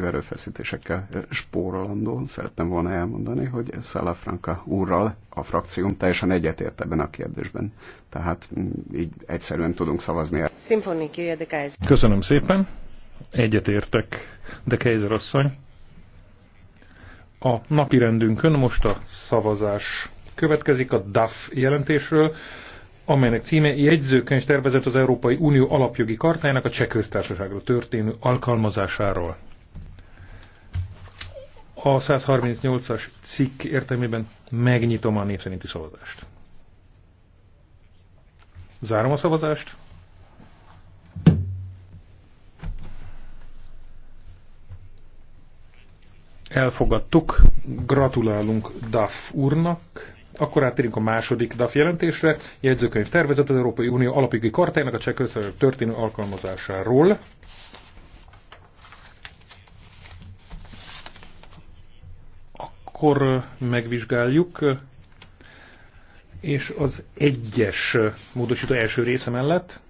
erőfeszítésekkel spórolandó, szerettem volna elmondani, hogy Szalafranka úrral a frakcióm teljesen egyetért ebben a kérdésben. Tehát mm, így egyszerűen tudunk szavazni. Köszönöm szépen. Egyetértek, de Kejzer asszony. A napi rendünkön most a szavazás következik a DAF jelentésről, amelynek címe jegyzőkönyv tervezett az Európai Unió alapjogi kartájának a cseh köztársaságra történő alkalmazásáról. A 138-as cikk értelmében megnyitom a népszerinti szavazást. Zárom a szavazást. Elfogadtuk. Gratulálunk DAF úrnak. Akkor áttérünk a második DAF jelentésre. Jegyzőkönyv tervezet az Európai Unió alapjogi kartájának a cseh történő alkalmazásáról. akkor megvizsgáljuk, és az egyes módosító első része mellett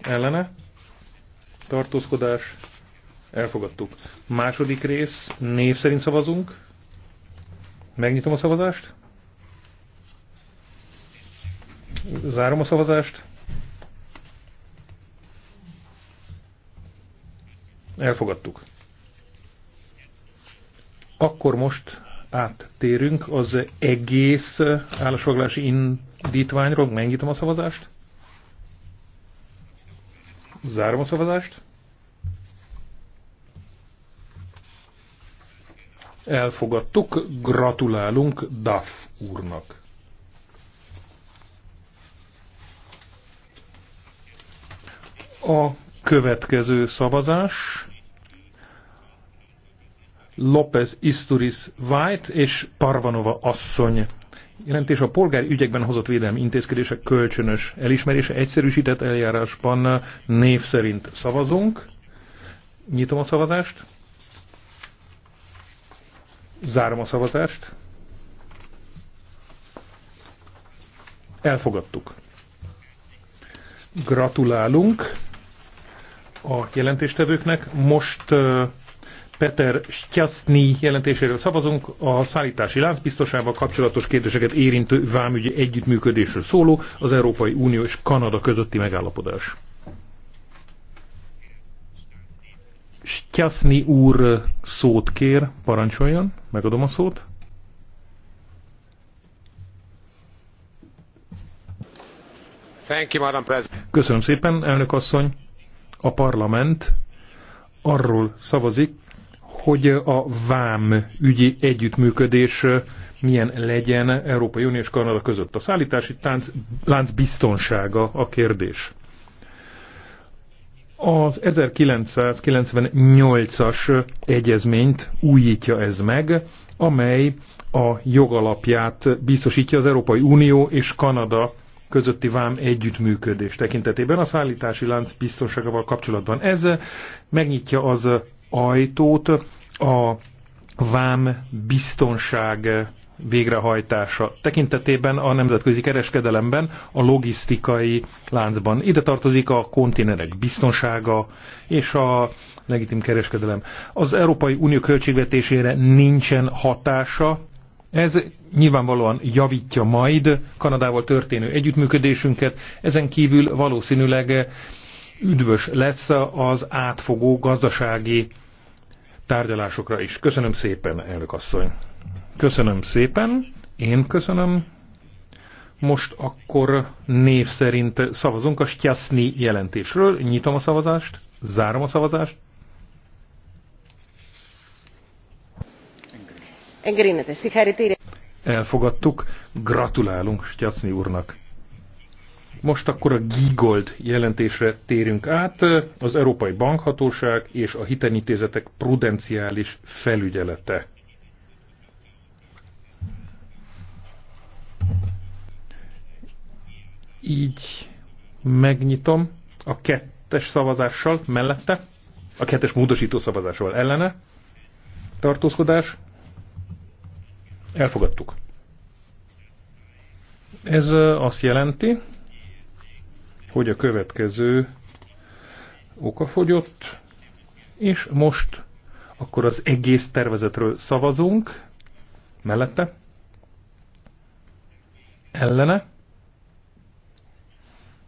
ellene tartózkodás elfogadtuk. Második rész név szerint szavazunk. Megnyitom a szavazást. Zárom a szavazást. Elfogadtuk. Akkor most áttérünk az egész állásfoglalási indítványról. Megnyitom a szavazást. Zárom a szavazást. Elfogadtuk, gratulálunk Duff úrnak. A következő szavazás López Isturiz White és Parvanova asszony. Jelentés a polgári ügyekben hozott védelmi intézkedések kölcsönös elismerése egyszerűsített eljárásban név szerint szavazunk. Nyitom a szavazást. Zárom a szavazást. Elfogadtuk. Gratulálunk a jelentéstevőknek. Most uh, Peter Stjaszny jelentéséről szavazunk, a szállítási láncbiztosával kapcsolatos kérdéseket érintő vámügyi együttműködésről szóló az Európai Unió és Kanada közötti megállapodás. Stjaszny úr szót kér, parancsoljon, megadom a szót. Thank you, Madam President. Köszönöm szépen, elnök asszony. A parlament arról szavazik, hogy a vám ügyi együttműködés milyen legyen Európai Unió és Kanada között. A szállítási tánc, lánc biztonsága a kérdés. Az 1998-as egyezményt újítja ez meg, amely a jogalapját biztosítja az Európai Unió és Kanada közötti vám együttműködés tekintetében a szállítási lánc biztonságával kapcsolatban. Ez megnyitja az ajtót a vám biztonság végrehajtása tekintetében a nemzetközi kereskedelemben, a logisztikai láncban. Ide tartozik a konténerek biztonsága és a legitim kereskedelem. Az Európai Unió költségvetésére nincsen hatása, ez nyilvánvalóan javítja majd Kanadával történő együttműködésünket, ezen kívül valószínűleg üdvös lesz az átfogó gazdasági tárgyalásokra is. Köszönöm szépen, elnök asszony. Köszönöm szépen, én köszönöm. Most akkor név szerint szavazunk a Stjasznyi jelentésről. Nyitom a szavazást, zárom a szavazást. Elfogadtuk, gratulálunk Stjasznyi úrnak. Most akkor a Gigold jelentésre térünk át, az Európai Bankhatóság és a hitelintézetek prudenciális felügyelete. Így megnyitom a kettes szavazással mellette, a kettes módosító szavazással ellene. Tartózkodás. Elfogadtuk. Ez azt jelenti, hogy a következő oka fogyott, és most akkor az egész tervezetről szavazunk, mellette, ellene,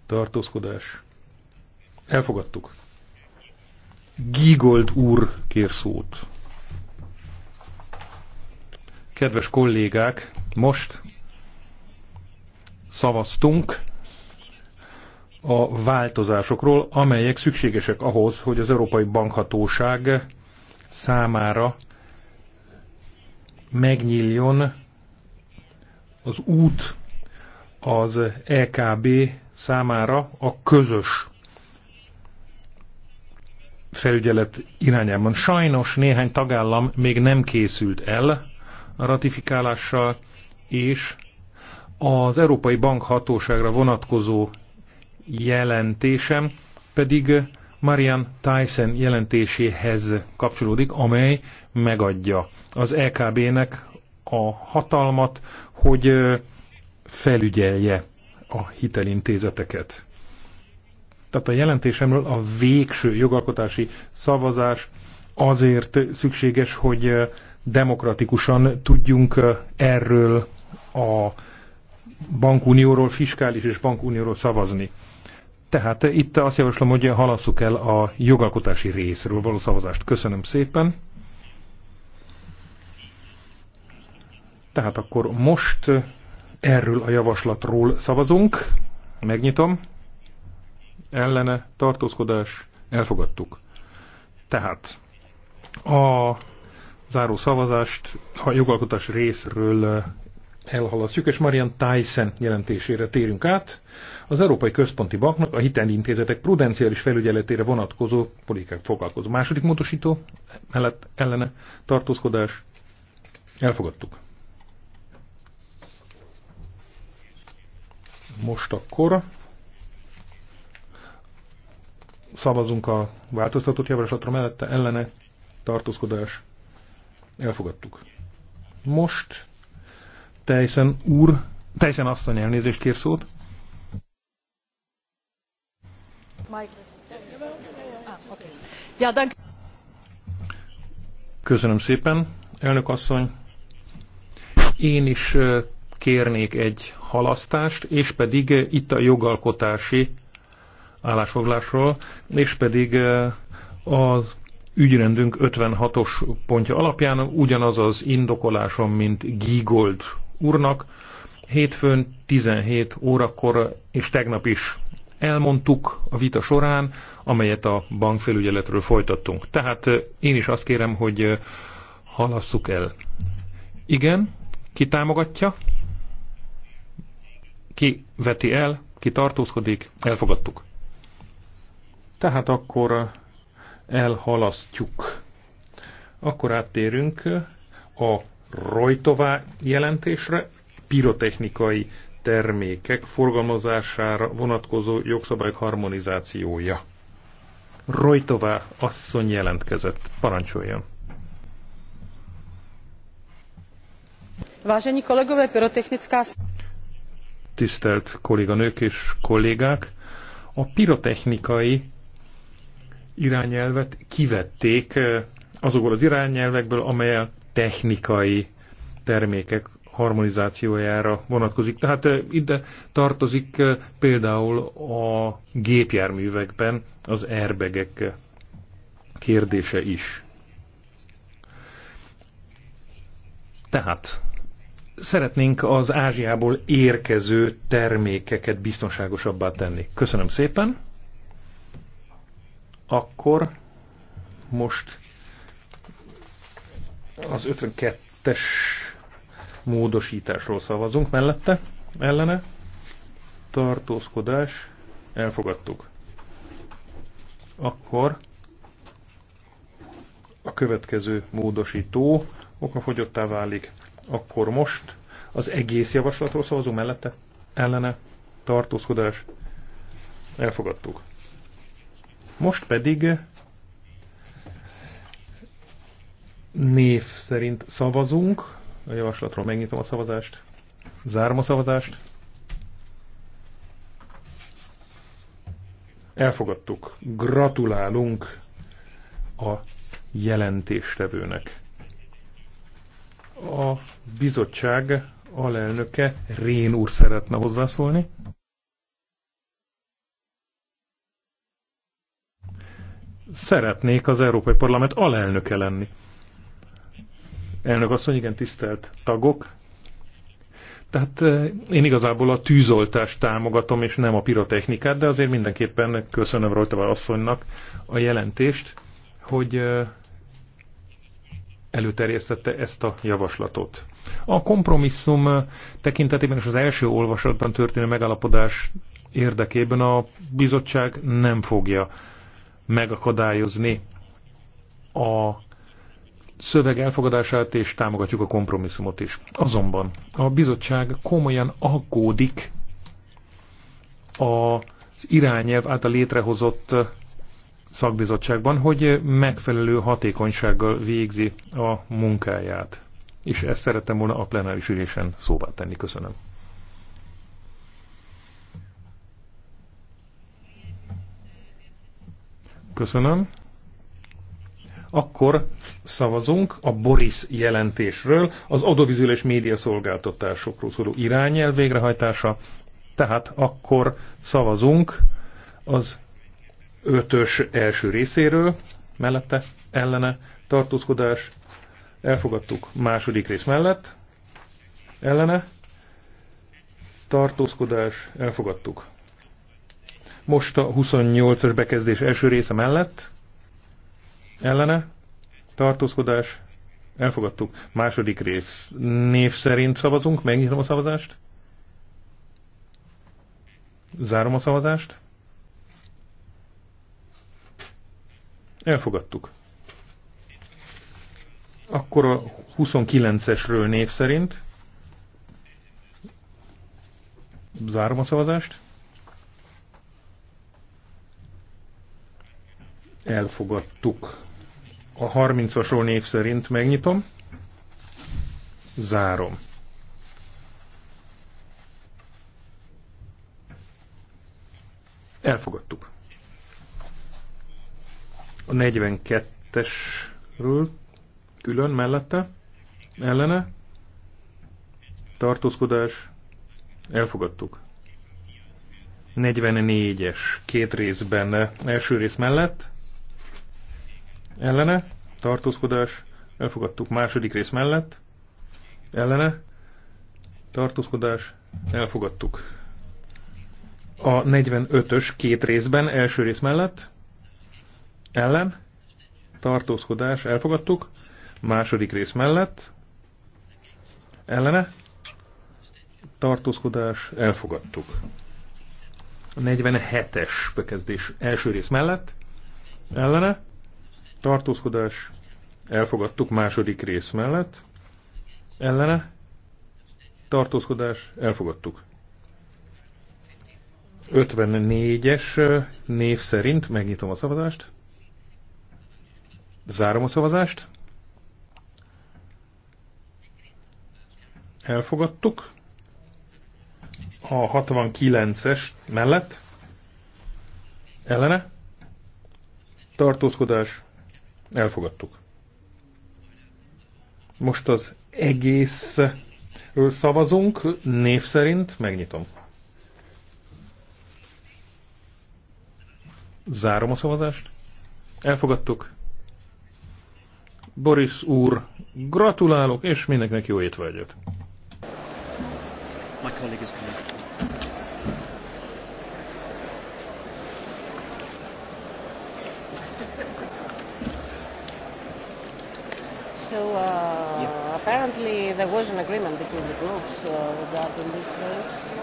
tartózkodás, elfogadtuk. Gígold úr kér szót. Kedves kollégák, most szavaztunk a változásokról, amelyek szükségesek ahhoz, hogy az Európai Bankhatóság számára megnyíljon az út az EKB számára a közös felügyelet irányában. Sajnos néhány tagállam még nem készült el a ratifikálással, és az Európai Bankhatóságra vonatkozó jelentésem pedig Marian Tyson jelentéséhez kapcsolódik, amely megadja az EKB-nek a hatalmat, hogy felügyelje a hitelintézeteket. Tehát a jelentésemről a végső jogalkotási szavazás azért szükséges, hogy demokratikusan tudjunk erről a bankunióról, fiskális és bankunióról szavazni. Tehát itt azt javaslom, hogy halasszuk el a jogalkotási részről való szavazást. Köszönöm szépen. Tehát akkor most erről a javaslatról szavazunk. Megnyitom. Ellene tartózkodás. Elfogadtuk. Tehát a záró szavazást a jogalkotás részről elhalasztjuk, és Marian Tyson jelentésére térünk át. Az Európai Központi Banknak a hitelintézetek prudenciális felügyeletére vonatkozó politikák foglalkozó. Második módosító mellett ellene tartózkodás. Elfogadtuk. Most akkor szavazunk a változtatott javaslatra mellette ellene tartózkodás. Elfogadtuk. Most teljesen úr, teljesen asszony elnézést kér szót. Köszönöm szépen, elnök asszony. Én is kérnék egy halasztást, és pedig itt a jogalkotási állásfoglásról, és pedig az ügyrendünk 56-os pontja alapján ugyanaz az indokolásom, mint GIGOLD úrnak. Hétfőn 17 órakor és tegnap is elmondtuk a vita során, amelyet a bankfelügyeletről folytattunk. Tehát én is azt kérem, hogy halasszuk el. Igen, ki támogatja? Ki veti el? Ki tartózkodik? Elfogadtuk. Tehát akkor elhalasztjuk. Akkor áttérünk a Rojtová jelentésre, pirotechnikai termékek forgalmazására vonatkozó jogszabályok harmonizációja. Rojtová asszony jelentkezett. Parancsoljon! Vážení kolegové, pirotechnická... Tisztelt kolléganők és kollégák! A pirotechnikai irányelvet kivették eh, azokból az irányelvekből, amelyek technikai termékek harmonizációjára vonatkozik. Tehát ide tartozik például a gépjárművekben az airbagek kérdése is. Tehát szeretnénk az Ázsiából érkező termékeket biztonságosabbá tenni. Köszönöm szépen. Akkor most az 52-es módosításról szavazunk mellette, ellene, tartózkodás, elfogadtuk. Akkor a következő módosító okafogyottá válik, akkor most az egész javaslatról szavazunk mellette, ellene, tartózkodás, elfogadtuk. Most pedig Név szerint szavazunk. A javaslatról megnyitom a szavazást. Zárom a szavazást. Elfogadtuk. Gratulálunk a jelentéstevőnek. A bizottság alelnöke Rén úr szeretne hozzászólni. Szeretnék az Európai Parlament alelnöke lenni. Elnök asszony, igen, tisztelt tagok. Tehát eh, én igazából a tűzoltást támogatom, és nem a pirotechnikát, de azért mindenképpen köszönöm Rojtavár asszonynak a jelentést, hogy eh, előterjesztette ezt a javaslatot. A kompromisszum eh, tekintetében és az első olvasatban történő megállapodás érdekében a bizottság nem fogja megakadályozni a szöveg elfogadását és támogatjuk a kompromisszumot is. Azonban a bizottság komolyan aggódik az irányelv által létrehozott szakbizottságban, hogy megfelelő hatékonysággal végzi a munkáját. És ezt szerettem volna a plenáris ülésen szóvá tenni. Köszönöm. Köszönöm. Akkor szavazunk a Boris jelentésről, az média médiaszolgáltatásokról szóló irányelv végrehajtása, tehát akkor szavazunk az ötös első részéről, mellette ellene tartózkodás, elfogadtuk második rész mellett, ellene tartózkodás, elfogadtuk. Most a 28-as bekezdés első része mellett, ellene, tartózkodás, elfogadtuk. Második rész, név szerint szavazunk, megnyitom a szavazást. Zárom a szavazást. Elfogadtuk. Akkor a 29-esről név szerint. Zárom a szavazást. Elfogadtuk. A 30-asról név szerint megnyitom. Zárom. Elfogadtuk. A 42-esről külön mellette, ellene, tartózkodás, elfogadtuk. 44-es két részben első rész mellett, ellene, tartózkodás, elfogadtuk második rész mellett, ellene, tartózkodás, elfogadtuk. A 45-ös két részben, első rész mellett, ellen, tartózkodás, elfogadtuk, második rész mellett, ellene, tartózkodás, elfogadtuk. A 47-es bekezdés első rész mellett, ellene, tartózkodás, elfogadtuk második rész mellett, ellene, tartózkodás, elfogadtuk. 54-es eh, név szerint megnyitom a szavazást, zárom a szavazást, elfogadtuk, a 69-es mellett, ellene, tartózkodás, Elfogadtuk. Most az egészről szavazunk, név szerint megnyitom. Zárom a szavazást. Elfogadtuk. Boris úr, gratulálok, és mindenkinek jó étvágyat. My colleague is coming. So uh, yeah. apparently there was an agreement between the groups uh, regarding this. Uh,